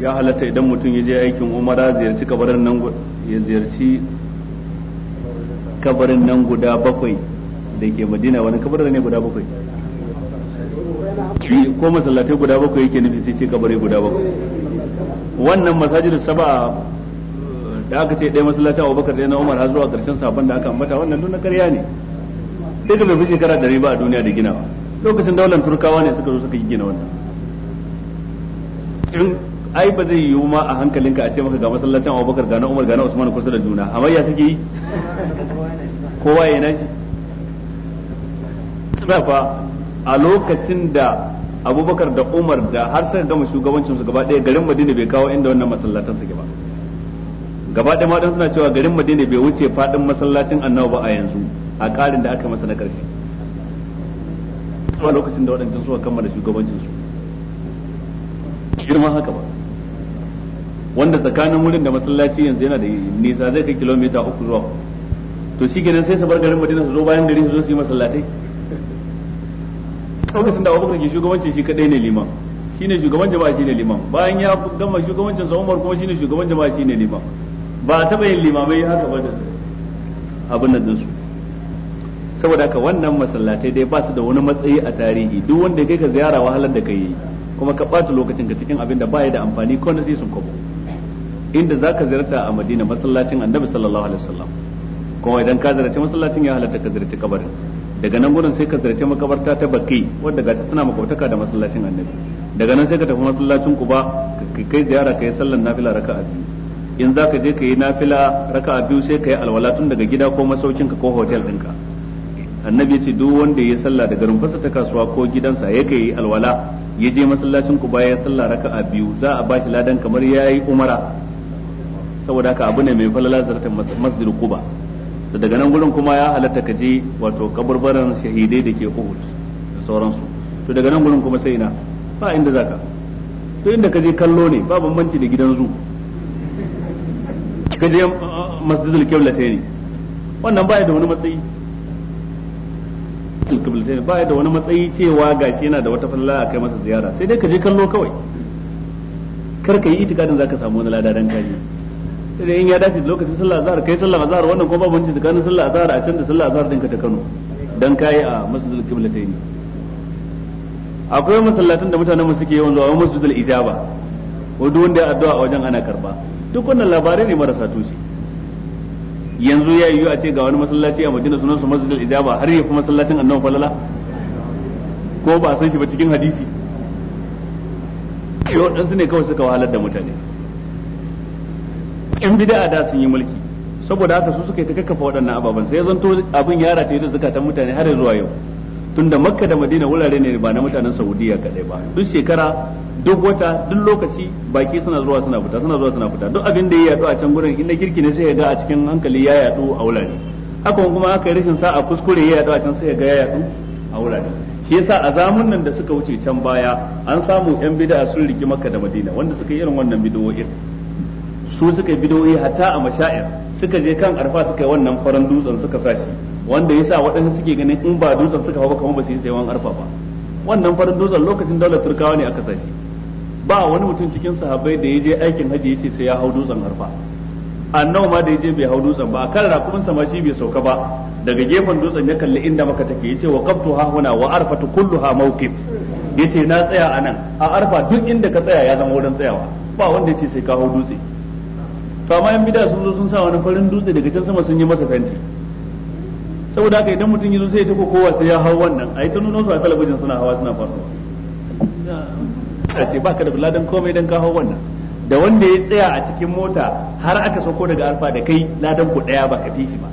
ya halatta idan mutum ya je aikin umara ziyarci kabarin nan ya ziyarci kabarin nan guda bakwai da ke madina wani kabarin ne guda bakwai ko masallatai guda bakwai yake nufi sai ce kabari guda bakwai wannan masajidu saba da aka ce ɗaya masallaci Abu Bakar ɗaya na Umar har zuwa ƙarshen sabon da aka ambata wannan duk na ƙarya ne duka bai fi shekara ɗari ba a duniya da ginawa lokacin daular turkawa ne suka zo suka yi gina wannan ai ba zai yiwu ma a hankalinka a ce maka ga masallacin Abubakar ga na Umar ga na Usman kusa da juna ya suke yi kowa ya nashi fa a lokacin da Abubakar da Umar da har sai gama shugabancin su gaba ɗaya garin Madina bai kawo inda wannan masallatan suke ba gaba ɗaya ma suna cewa garin Madina bai wuce fadin masallacin Annabi ba a yanzu a ƙarin da aka masa na ƙarshe a lokacin da waɗancan suka kammala shugabancin su girman haka ba wanda tsakanin wurin da masallaci yanzu yana da nisa zai kai kilomita uku zuwa to shi kenan sai su bar garin madina su zo bayan gari su zo su yi masallatai lokacin da abubakar ke shugabanci shi kadai ne liman shi ne shugaban jama'a ne liman bayan ya gama shugabancin sa Umar kuma shi ne shugaban jama'a ne liman ba a taba yin limamai haka ba abin nan dinsu saboda haka wannan masallatai dai ba su da wani matsayi a tarihi duk wanda kai ka ziyara wahalar da ka yi kuma ka ɓata lokacin ka cikin abin da ba ya da amfani ko na sai sun kwabo inda za ka zirta a Madina masallacin Annabi sallallahu alaihi wasallam kuma idan ka ziyarci masallacin ya halatta ka ziyarci kabarin daga nan gurin sai ka ziyarci makabarta ta Baki wadda ga tana makabtaka da masallacin Annabi daga nan sai ka tafi masallacin Quba ka kai ziyara kai sallar nafila raka'a biyu in ka je ka yi nafila raka'a biyu sai ka yi alwala tun daga gida ko masaukin ka ko hotel ɗinka annabi ya ce duk wanda ya sallah daga rumfarsa ta kasuwa ko gidansa ya kai alwala ya je masallacin ku baya sallah raka'a biyu za a bashi ladan kamar ya yi umara saboda haka abu ne mai falala zartar masjid kuba to daga nan gurin kuma ya halatta ka je wato kaburbaran shahidai da ke Uhud da sauransu to daga nan gurin kuma sai ina ba inda zaka to inda ka je kallo ne ba bambanci da gidan zu kaje je uh, uh, masjidul qibla ne wannan baya da wani matsayi ba qibla ne da wani matsayi cewa gashi yana da wata falala a kai masa ziyara sai dai ka je kallo kawai kar ka yi itikadin zaka samu wani lada kaji sai dai in ya dace lokacin sallah azhar kai sallah azhar wannan ko babu wanci tsakanin sallah azhar a can da sallah azhar dinka ta Kano dan kai a masjidul qiblatayn akwai masallatan da mutanen mu suke yawan zuwa masjidul ijaba wanda wanda addu'a a wajen ana karba duk wannan labarai ne marasa tushe yanzu ya yiwu a ce ga wani masallaci a Madina sunan su masjidul ijaba har ya fi masallacin Annabi falala ko ba san shi ba cikin hadisi yau dan su ne kawai suka wahalar da mutane yan bid'a da sun yi mulki saboda haka su suka yi ta kakkafa waɗannan ababan sai zanto abin ya rataye da ta mutane har zuwa yau tunda makka da madina wurare ne ba na mutanen saudiya kadai ba duk shekara duk wata duk lokaci baki suna zuwa suna fita suna zuwa suna fita duk abin da ya yadu a can gurin inda kirki ne sai ya ga a cikin hankali ya yadu a wurare haka kuma aka rashin sa'a kuskure ya yadu a can sai ya ga ya yadu a wurare shi yasa a zamanin nan da suka wuce can baya an samu yan bid'a sun riki makka da madina wanda suka yi irin wannan bid'o'in su suka bidoyi hatta a mashayar suka je kan arfa suka yi wannan faran dutsen suka sashi wanda yasa waɗanda suke ganin in ba dutsen suka hawa kamar ba su yi tsayawan arfa ba wannan farin dutsen lokacin daular turkawa ne aka sashi ba wani mutum cikin sahabbai da ya je aikin ya ce sai ya hau dutsen arfa annau ma da ya je bai hau dutsen ba a kan rakumin sama shi bai sauka ba daga gefen dutsen ya kalli inda maka take yace wa qabtu ha huna wa arfatu kulluha mawqif yace na tsaya anan a arfa duk inda ka tsaya ya zama wurin tsayawa ba wanda ya ce sai ka hau dutse to amma yan bid'a sun zo sun sa wani farin dutse daga can sama sun yi masa fenti saboda haka idan mutum yazo sai ya tako kowa sai ya hau wannan a ta nuno su a talabijin suna hawa suna faɗo a ce ba ka da ladan komai dan ka hau wannan da wanda ya tsaya a cikin mota har aka sauko daga alfa da kai ladan ku daya ba fi shi ba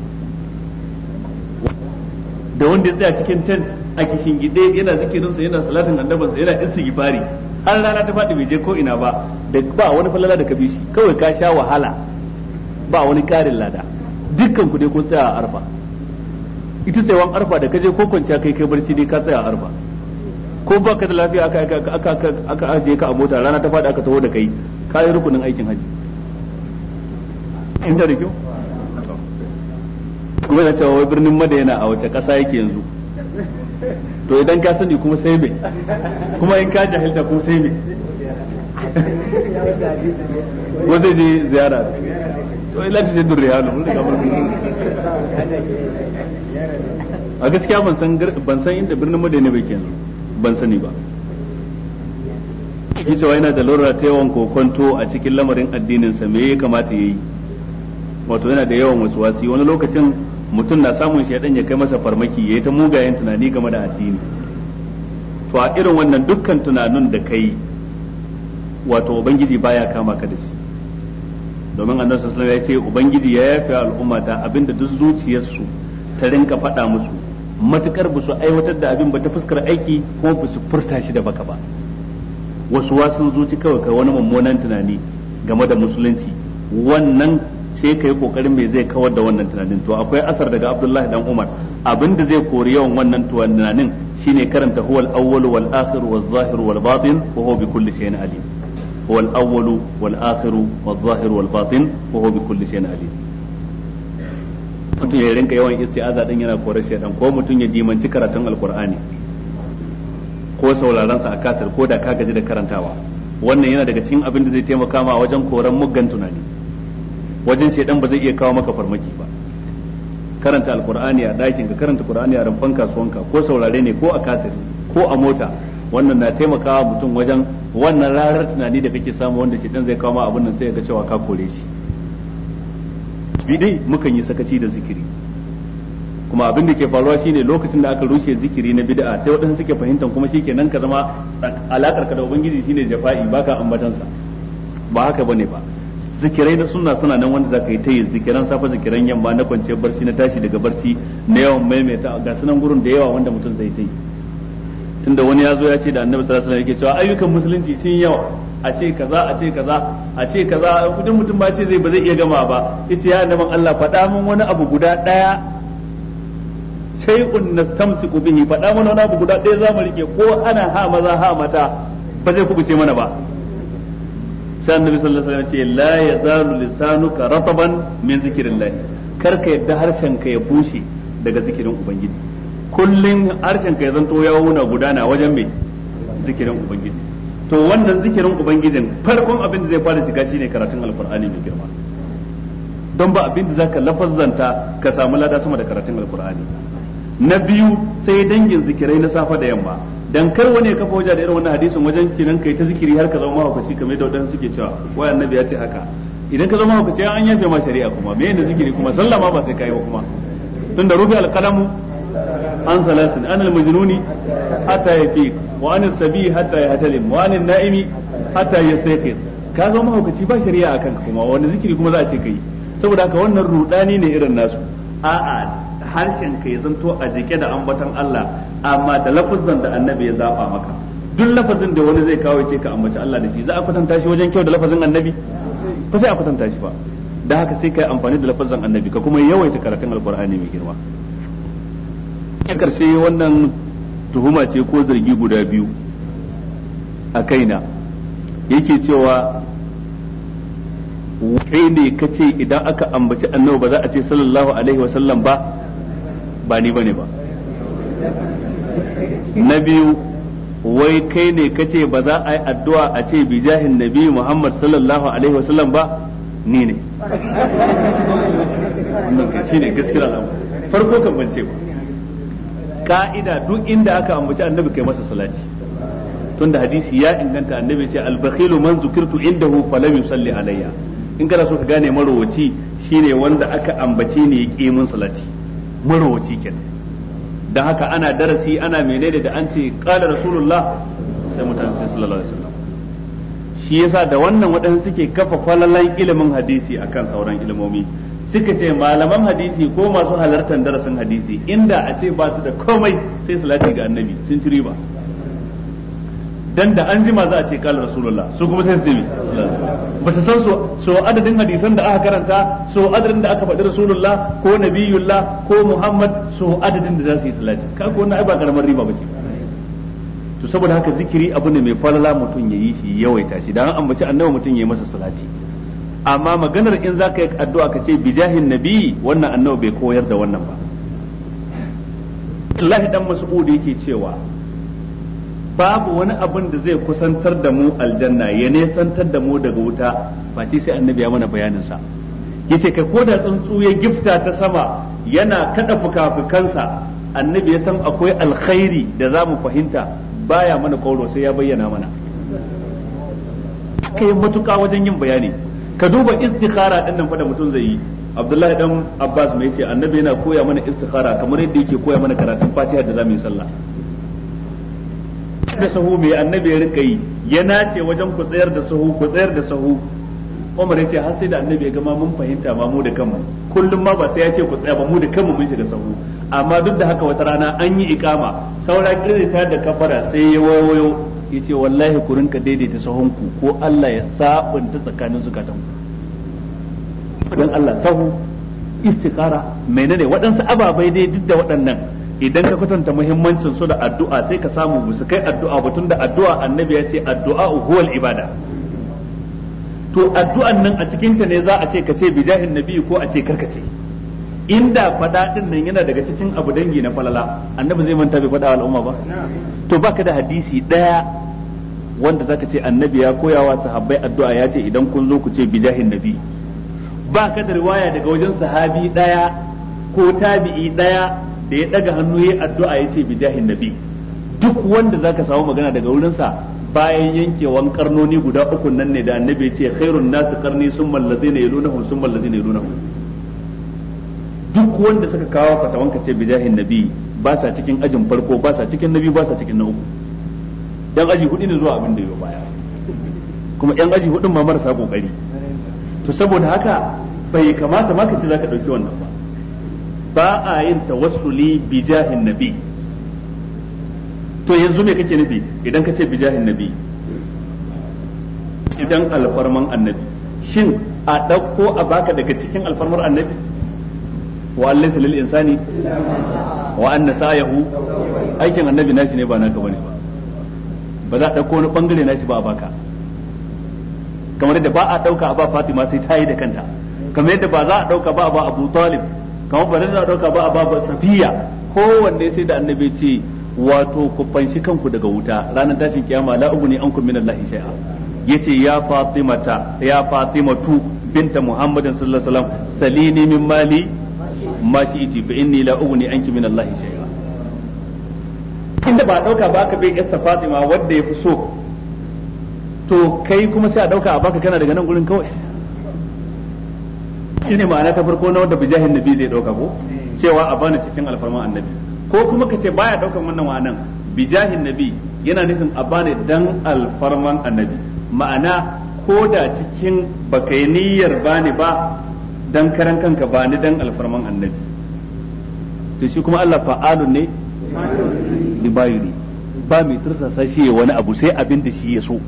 da wanda ya tsaya cikin tent a kishin gide yana zikirinsa yana salatin annabansa yana gifari an rana ta faɗi bai je ko ina ba da ba wani falala da ka bi shi kawai ka sha wahala ba wani ƙarin lada dukkan ku dai ko tsaya a arfa ita wani arfa da kaje ko kwanciya kai kai barci dai ka tsaya a arfa ko ba ka da lafiya aka aka aka aka aje ka a mota rana ta faɗi aka taho da kai ka yi rukunin aikin haji in da kyau kuma yana cewa wai birnin madayana a wace ƙasa yake yanzu to idan ka sani kuma sai me kuma in ka jahilta kuma sai me ko zai je ziyara to ila ta jiddu riyalu mun ga mun a gaskiya ban san ban san inda birnin Madina bai kenan ban sani ba yi cewa yana da lura ta yawan kokonto a cikin lamarin addinin sa me ya kamata yayi wato yana da yawan wasu wasi wani lokacin mutum na samun shaidan ya kai masa farmaki ya yi ta mugayen tunani game da addini to a irin wannan dukkan tunanin da kai wato ubangiji baya kama ka da shi domin annabi sallallahu alaihi wasallam ya ce ubangiji ya yafe al'umma ta abinda duk zuciyarsu ta rinka faɗa musu matukar ba su aiwatar da abin ba ta fuskar aiki ko ba su furta shi da baka ba wasu wasu zuci kawai kai wani mummunan tunani game da musulunci wannan sai kai kokarin mai zai kawar da wannan tunanin to akwai asar daga Abdullahi dan Umar abin da zai kori yawan wannan tunanin shine karanta huwal awwal wal akhir wal zahir wal batin wa huwa bi kulli shay'in alim huwal awwal wal akhir wal zahir wal batin wa huwa bi kulli shay'in alim mutum ya rinka yawan isti'aza din yana korar shaydan ko mutum ya dimanci karatun alqur'ani ko sauraron sa a kasar ko da ka gaji da karantawa wannan yana daga cikin abin da zai taimaka ma wajen koran muggan tunani wajen shaidan ba zai iya kawo maka farmaki ba karanta alqur'ani a dakin ka karanta qur'ani a rumfan kasuwanka ko saurare ne ko a kasir ko a mota wannan na taimakawa mutum wajen wannan rarar tunani da kake samu wanda shaidan zai kawo ma abin nan sai ga cewa ka kore shi bidai mukan yi sakaci da zikiri kuma abin da ke faruwa shine lokacin da aka rushe zikiri na bid'a sai waɗansu suke fahimtar kuma shi kenan ka zama alakar ka da ubangiji shine jafa'i baka ambatansa ba haka bane ba zikirai na sunna suna nan wanda zaka yi ta yi zikiran safa zikiran yamma na kwance barci na tashi daga barci na yawan maimaita ga sunan gurin da yawa wanda mutum zai ta yi tunda wani ya zo ya ce da annabi sallallahu alaihi wasallam yake cewa ayyukan musulunci sun yawa a ce kaza a ce kaza a ce kaza kudin mutum ba ce zai ba zai iya gama ba yace ya annaban Allah faɗa min wani abu guda daya shay'un nastamsiku bihi faɗa min wani abu guda daya zamu rike ko ana ha maza ha mata ba zai kubuce mana ba sai annabi sallallahu alaihi wasallam ce la yazalu lisanuka rataban min zikrillah kar ka yadda harshen ka ya bushe daga zikirin ubangiji kullun harshen ka ya zanto ya wuna gudana wajen mai zikirin ubangiji to wannan zikirin ubangijin farkon abin da zai fara shiga shine karatun alqur'ani mai girma don ba abin da zaka lafazzanta ka samu lada sama da karatun alqur'ani na biyu sai dangin zikirai na safa da yamma dan kar wani ya kafa waje da irin wannan hadisin wajen kinan kai ta zikiri har ka zama mahaukaci kamar yadda wadansu suke cewa wai annabi ya ce haka idan ka zama mahaukaci an yafe ma shari'a kuma me yana zikiri kuma sallah ma ba sai kai ba kuma tunda rubi alqalamu an salasin an almajnuni hatta yafiq wa an sabi hatta yahtalim wa an naimi hatta yastayqis ka zama mahaukaci ba shari'a akan kuma wani zikiri kuma za a ce kai saboda haka wannan rudani ne irin nasu a'a harshen ka ya zanto a jike da ambaton Allah amma da lafazin da annabi ya zaba maka duk lafazin da wani zai kawo ce ka ambaci Allah da shi za a kwatanta shi wajen kyau da lafazin annabi ba sai a kwatanta shi ba da haka sai ka yi amfani da lafazin annabi ka kuma yawaita karatun alkur'ani mai girma a ƙarshe wannan tuhuma ce ko zargi guda biyu a kaina yake cewa kai ne ka ce idan aka ambaci annabi ba za a ce sallallahu alaihi wasallam ba ba ni bane ba na biyu wai kai ne kace ba za a yi addu'a a ce bi jahin nabi Muhammad sallallahu alaihi wasallam ba ni ne shine gaskiya al'amari farko kan bance ba ka'ida duk inda aka ambaci annabi kai masa salati tunda hadisi ya inganta annabi ce al-bakhilu man zukirtu indahu falam yusalli alayya in kana so ka gane marowaci shine wanda aka ambace ne ya ƙi mun salati marowaci kenan don haka ana darasi ana menene da an ce kala rasulullah sai mutane sai sallallahu alaihi wasallam shi yasa da wannan waɗansu suke kafa falalan ilimin hadisi akan sauran ilimomi suka ce malaman hadisi ko masu halartar darasin hadisi inda a ce ba su da komai sai salati ga annabi sun ci riba dan da an jima za a ce kala rasulullah su kuma sai su ce ba su san so adadin hadisan da aka karanta so adadin da aka faɗi rasulullah ko nabiyullah ko muhammad so adadin da za su yi salati ka ko wannan ai ba karamar riba ce. to saboda haka zikiri abu ne mai falala mutum ya yi shi yawaita shi dan ambaci annabi mutum ya yi masa salati amma maganar in za ka yi addu'a ka ce bijahin nabi wannan annabi bai koyar da wannan ba Allah dan Mas'ud yake cewa babu wani abin da zai kusantar da mu aljanna ya nesantar da mu daga wuta face sai annabi ya mana bayanin sa yace ka ko da tsuntsu ya gifta ta sama yana kada fukafukansa annabi ya san akwai alkhairi da za mu fahimta baya mana kauro sai ya bayyana mana kai yi matuƙa wajen yin bayani ka duba istikhara din nan fa da mutum zai yi Abdullahi dan Abbas mai ce annabi yana koya mana istikhara kamar yadda yake koya mana karatun Fatiha da zamu yi sallah da sahu mai annabi ya rika yi ya nace wajen ku tsayar da sahu ku tsayar da sahu Umar ya ce har sai da annabi ya gama mun fahimta ma mu da kanmu kullum ma ba sai ya ce ku tsaya ba mu da kanmu mun shiga sahu amma duk da haka wata rana an yi ikama saura ta da kafara sai ya wayoyo ya ce wallahi ku rinka daidaita sahunku ko Allah ya sabunta tsakanin zukatanku dan Allah sahu istikara menene waɗansu ababai dai duk da waɗannan idan ka kwatanta muhimmancin su da addu'a sai ka samu musu kai addu'a ba da addu'a annabi ya ce addu'a huwal ibada to addu'an nan a cikin ta ne za a ce ka ce bijahin nabi ko a ce karkace inda fada din nan yana daga cikin abu dangi na falala annabi zai manta bai fada al'umma ba to baka da hadisi daya wanda zaka ce annabi ya koyawa sahabbai addu'a ya ce idan kun zo ku ce bijahin nabi baka da riwaya daga wajen sahabi daya ko tabi'i daya da ya daga hannu yayi addu'a yace bi jahin nabi duk wanda zaka samu magana daga wurinsa bayan yankewan karnoni guda uku nan ne da annabi ya ce khairun nasu karni sun mallaze ne yalunahum sun mallaze ne yalunahum duk wanda suka kawo fatawan ka ce bijahin nabi ba sa cikin ajin farko ba sa cikin nabi ba sa cikin na uku yan aji hudu ne zuwa abin da yau baya kuma yan aji hudun ma marasa kokari to saboda haka bai kamata ma ka ce zaka dauki wannan ba ba a yin tawassuli bi jahin nabi to yanzu me kake nufi idan ka ce bi jahin nabi idan alfarman annabi shin a ɗauko a baka daga cikin alfarmar annabi wa allaysa lil insani wa anna sa'yahu aikin annabi nashi ne ba na ga bane ba ba za a ɗauko wani bangare nashi ba a baka kamar yadda ba a ɗauka a ba Fatima sai ta yi da kanta kamar yadda ba za a ɗauka ba a ba Abu Talib kamar ba za a dauka ba a babu safiya kowanne sai da annabi ce wato ku fanshi kanku daga wuta ranar tashin kiyama la ugni ankum min Allah shay'a yace ya fatimata ya fatimatu binta muhammadin sallallahu alaihi wasallam salini min mali ma shi shi'ti fa inni la ugni anki min Allah shay'a inda ba dauka ba ka bai yassa fatima wanda yafi so to kai kuma sai a dauka a baka kana daga nan gurin kawai shine ma'ana ta farko na wanda bijahin nabi zai dauka ko cewa a bani cikin alfarman annabi ko kuma ka ce baya daukan wannan ma'anan bijahin nabi yana nufin a bani dan alfarman annabi ma'ana ko da cikin baka yi niyyar bani ba dan karan kanka bani dan alfarman annabi to shi kuma Allah fa'alun ne li bayuri ba mai tursasa shi ya wani abu sai abin da shi ya so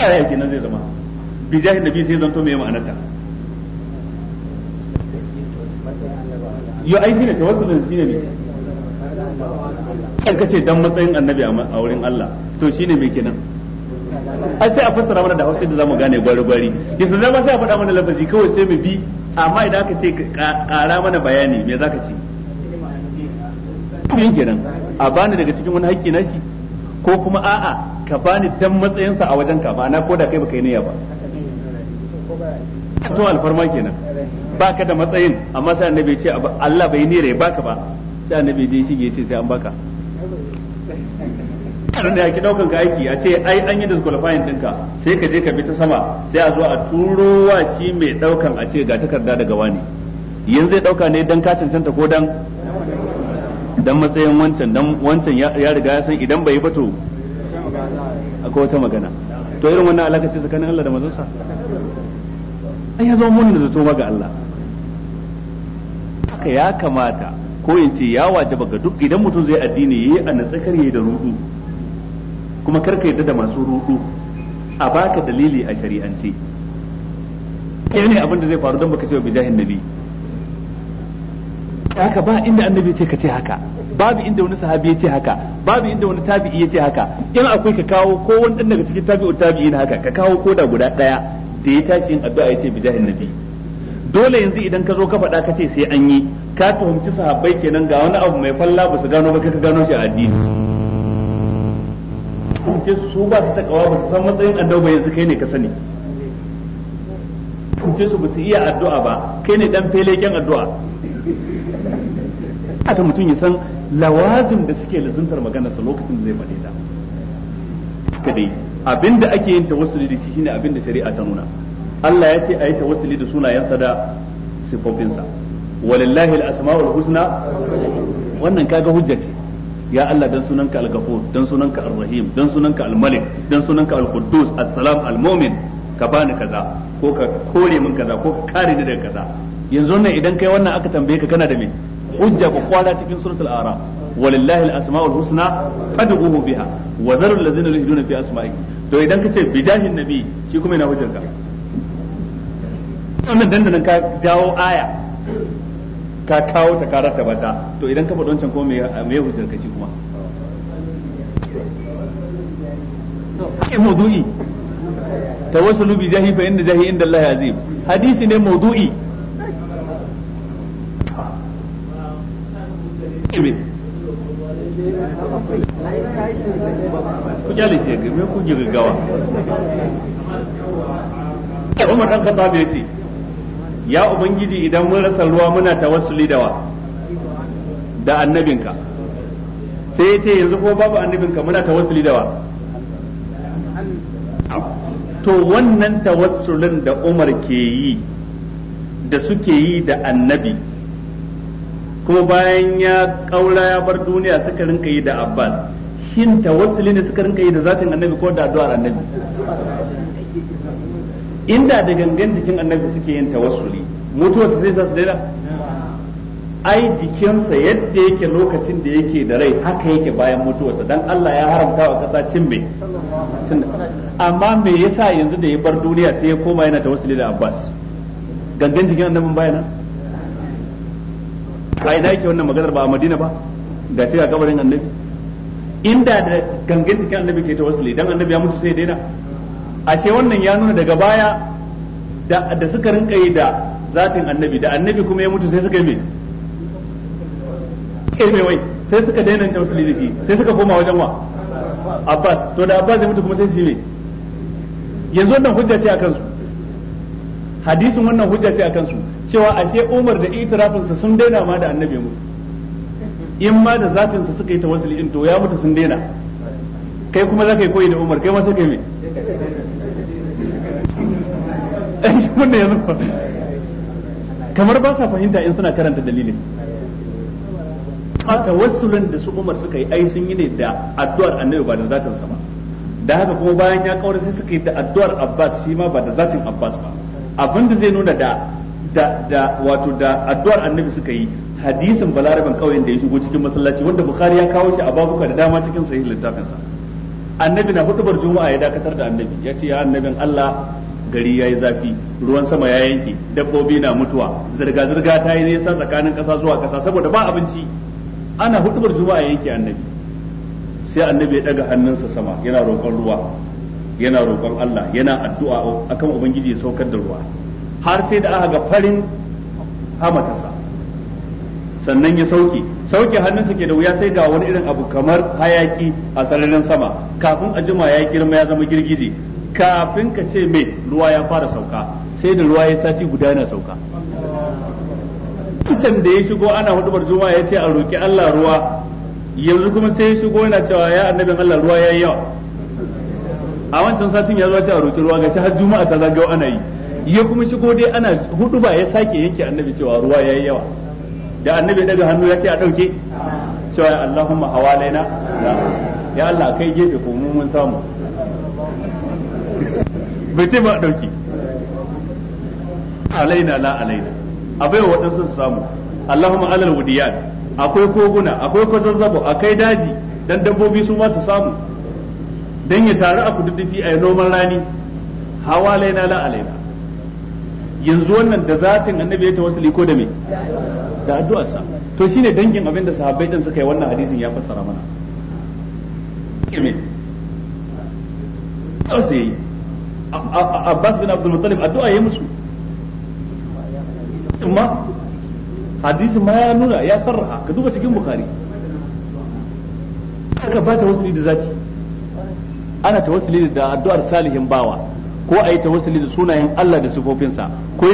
aya nan zai zama bijahin nabi sai zanto mai ma'anata yo ai shine tawazzulin shine ne kan kace dan matsayin annabi a wurin Allah to shine me kenan ai sai a fassara mana da Hausa da zamu gane gwari gwari yanzu zama sai a faɗa mana lafazi kawai sai mu bi amma idan aka ce ƙara mana bayani me zaka ce yin kenan a bani daga cikin wani haƙƙi na shi ko kuma a'a ka bani dan matsayinsa a wajen ka ma'ana ko da kai baka yi niyya ba to alfarma kenan baka da matsayin amma sai annabi ce Allah bai nira ya baka ba sai annabi je shige ce sai an baka karin da yake daukan ka aiki a ce ai an yi disqualifying dinka sai ka je ka bi ta sama sai a zo a turo wa shi mai daukan a ce ga takarda daga wani yanzu zai dauka ne dan ka cancanta ko dan dan matsayin wancan dan wancan ya riga ya san idan bai ba to akwai wata magana to irin wannan alaka ce tsakanin Allah da manzon sa ai ya zama mun da zato ga Allah haka ya kamata ko in ce ya wajaba ga duk idan mutum zai addini yayi a natsakar yayi da rudu kuma karka yadda da masu rudu a baka dalili a shari'ance kai ne abin da zai faru don baka ce wa bijahin nabi haka ba inda annabi ce ka ce haka babu inda wani sahabi ya ce haka babu inda wani tabi'i ya ce haka in akwai ka kawo ko wani daga cikin tabi'u tabi'i na haka ka kawo koda guda daya da ya tashi yin addu'a ya ce bijahin nabi dole yanzu idan ka zo ka faɗa ka ce sai an yi ka tuhumci sahabbai kenan ga wani abu mai falla ba su gano ba kai ka gano shi a addini tuhumce su ba su takawa ba su san matsayin addu'a ba yanzu kai ne ka sani tuhumce su ba su iya addu'a ba kai ne dan feleken addu'a a ta mutum ya san lawazin da suke lazuntar maganarsa lokacin da zai faɗe ta abin da ake yin tawassuli da shi shine abin da shari'a ta nuna Allah ya ce a yi tawassuli da sunayensa da sifofinsa walillahi al-asma'ul husna wannan kaga hujja ce ya Allah dan sunanka al-ghafur dan sunanka ar-rahim dan sunanka al-malik dan sunanka al-quddus as-salam al-mu'min ka bani kaza ko ka kore min kaza ko ka kare ni daga kaza yanzu nan idan kai wannan aka tambaye ka kana da me hujja ko kwala cikin suratul a'raf walillahi al-asma'ul husna fad'uhu biha wa dharu allazina yuhduna fi asma'ihi to idan ka kace bijahin nabi shi kuma yana hujjarka wannan dandanan ka jawo aya ka kawo ta karar ta bata to idan ka faɗi wancan ko me ya hujjar kaci kuma ke ta wasu bi jahi fa inda jahi inda Allah ya zai hadisi ne mawdu'i ku shi ku Umar dan ya ubangiji idan mun rasa ruwa muna tawassuli da wa da annabinka sai ya ce yanzu ko babu annabinka muna tawassuli da wa to wannan tawassulin da Umar ke yi da suke yi da annabi kuma bayan ya kaura ya bar duniya suka rinka yi da Abbas shin tawassuli ne suka rinka yi da zatin annabi ko da addu'ar annabi inda da gangan jikin annabi suke yin tawassuli mutuwarsa zai sa su daina ai jikinsa yadda yake lokacin da yake da rai haka yake bayan mutuwarsa dan Allah ya haramta wa kasa cin mai amma me yasa yanzu da ya bar duniya sai ya koma yana tawassuli da Abbas gangan jikin annabin bayan a ina yake wannan maganar ba a Madina ba ga shi ga kabarin annabi inda da gangan jikin annabi ke tawassuli dan annabi ya mutu sai ya daina ashe wannan ya nuna daga baya da suka rinka yi da zatin annabi da annabi kuma ya mutu sai suka yi me kai mai wai sai suka daina ta musulmi da shi sai suka koma wajen wa Abbas to da Abbas ya mutu kuma sai su yi mai yanzu wannan hujja ce a kansu. hadisin wannan hujja ce a kansu cewa ashe Umar da itirafin sa sun daina ma da annabi ya mutu in ma da zatin sa suka yi ta wasu to ya mutu sun daina kai kuma zaka yi koyi da Umar kai ma sai kai mai wanda ya zufa kamar ba sa fahimta in suna karanta dalilin a tawassulin da su Umar suka yi ai sun yi ne da addu'ar Annabi ba da zatin sa da haka kuma bayan ya kawar sai suka yi da addu'ar Abbas shi ma ba da zatin Abbas ba abin da zai nuna da da da wato da addu'ar Annabi suka yi hadisin balaraban kauyen da ya shigo cikin masallaci wanda Bukhari ya kawo shi a babuka da dama cikin sahih littafin sa annabi na hudubar juma'a ya dakatar da annabi ya ce ya annabin Allah gari ya yi zafi ruwan sama ya yanke dabbobi na mutuwa zirga zirga ta yi nisa tsakanin kasa zuwa kasa saboda ba abinci ana hudubar juma'a yanke annabi sai annabi ya daga hannunsa sama yana roƙon ruwa yana roƙon Allah yana addu'a akan ubangiji ya saukar da ruwa har sai da aka ga farin hamatarsa sannan ya sauke sauke hannunsa ke da wuya sai ga wani irin abu kamar hayaki a sararin sama kafin a jima ya girma ya zama girgije kafin ka ce mai ruwa ya fara sauka sai da ruwa ya sati guda yana sauka can da ya shigo ana hudu bar juma'a ya ce a roƙi Allah ruwa yanzu kuma sai ya shigo yana cewa ya annabin Allah ruwa ya yi yawa a wancan satin ya zuwa ce a roƙi ruwa gashi har juma'a ta zagayo ana yi ya kuma shigo dai ana hudu ba ya sake yanke annabi cewa ruwa ya yi yawa da annabi daga hannu ya ce a ɗauke cewa Allahumma hawalaina ya Allah kai gefe ko mun samu bai ce ba a dauki alaina la alaina abai waɗansu su samu allahumma alal wudiyat akwai koguna akwai kwazazzabo akai daji dan dabbobi su ma su samu dan ya taru a kududdufi a noman rani hawa laina la alaina yanzu wannan da zatin annabi ya tawassuli ko da me da sa to shine dangin abin da sahabbai din suka yi wannan hadisin ya fassara mana kime Abbas bin Abdul Muttalib addu'a yayi musu amma hadisi ma ya nuna ya sarraha ka duba cikin Bukhari aka ba tawassuli da zati ana tawassuli da addu'ar salihin bawa ko a yi tawassuli da sunayen Allah da sifofinsa ko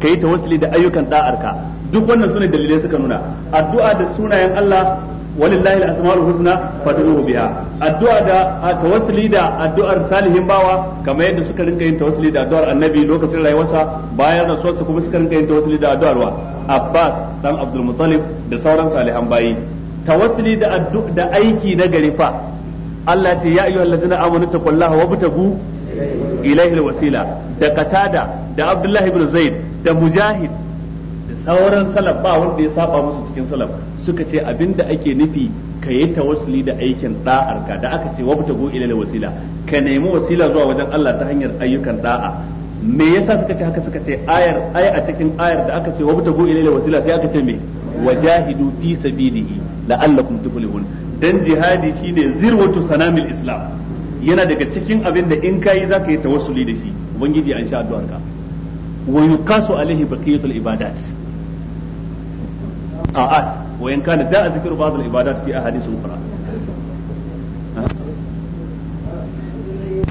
ka yi tawassuli da ayyukan da'arka duk wannan sune dalilai suka nuna addu'a da sunayen Allah walillahi al-asmaul husna fad'uhu biha addu'a da tawassuli da addu'ar salihin bawa kamar yadda suka rinka yin tawassuli da addu'ar annabi lokacin rayuwarsa bayan rasuwarsa kuma suka rinka yin tawassuli da addu'ar wa Abbas dan Abdul Muttalib da sauran salihan bayi tawassuli da addu'a da aiki na gari fa Allah ce ya ayyuhal ladina amanu taqullaha wabtagu ilaihi al-wasila da qatada da Abdullah ibn Zaid da Mujahid da sauran salaf ba wanda ya saba musu cikin salaf suka ce abinda ake nufi ka yi tawassuli da aikin ka da aka ce wabtagu ila wasila ka nemi wasila zuwa wajen Allah ta hanyar ayyukan da'a me yasa suka ce haka suka ce ayar ay a cikin ayar da aka ce wabtagu ila wasila sai aka ce me wajahidu fi sabilihi la'allakum tuflihun dan jihadi shine zirwatu sanamil islam yana daga cikin abin da in kai zaka yi tawassuli da shi ubangiji an sha addu'arka wa yuqasu alaihi baqiyatul ibadat a'a wa in kana ja'a zikru ba'd al ibadat fi ahadith ukhra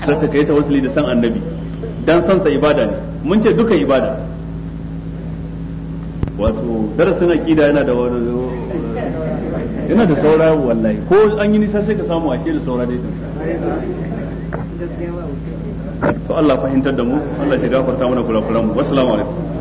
da ta kai da san annabi dan san sa ibada ne mun ce duka ibada wato darasin aqida yana da wani yana da saura wallahi ko an yi nisa sai ka samu ashe da saura dai to Allah fahimtar da mu Allah ya gafarta mana kula kula mu wassalamu alaikum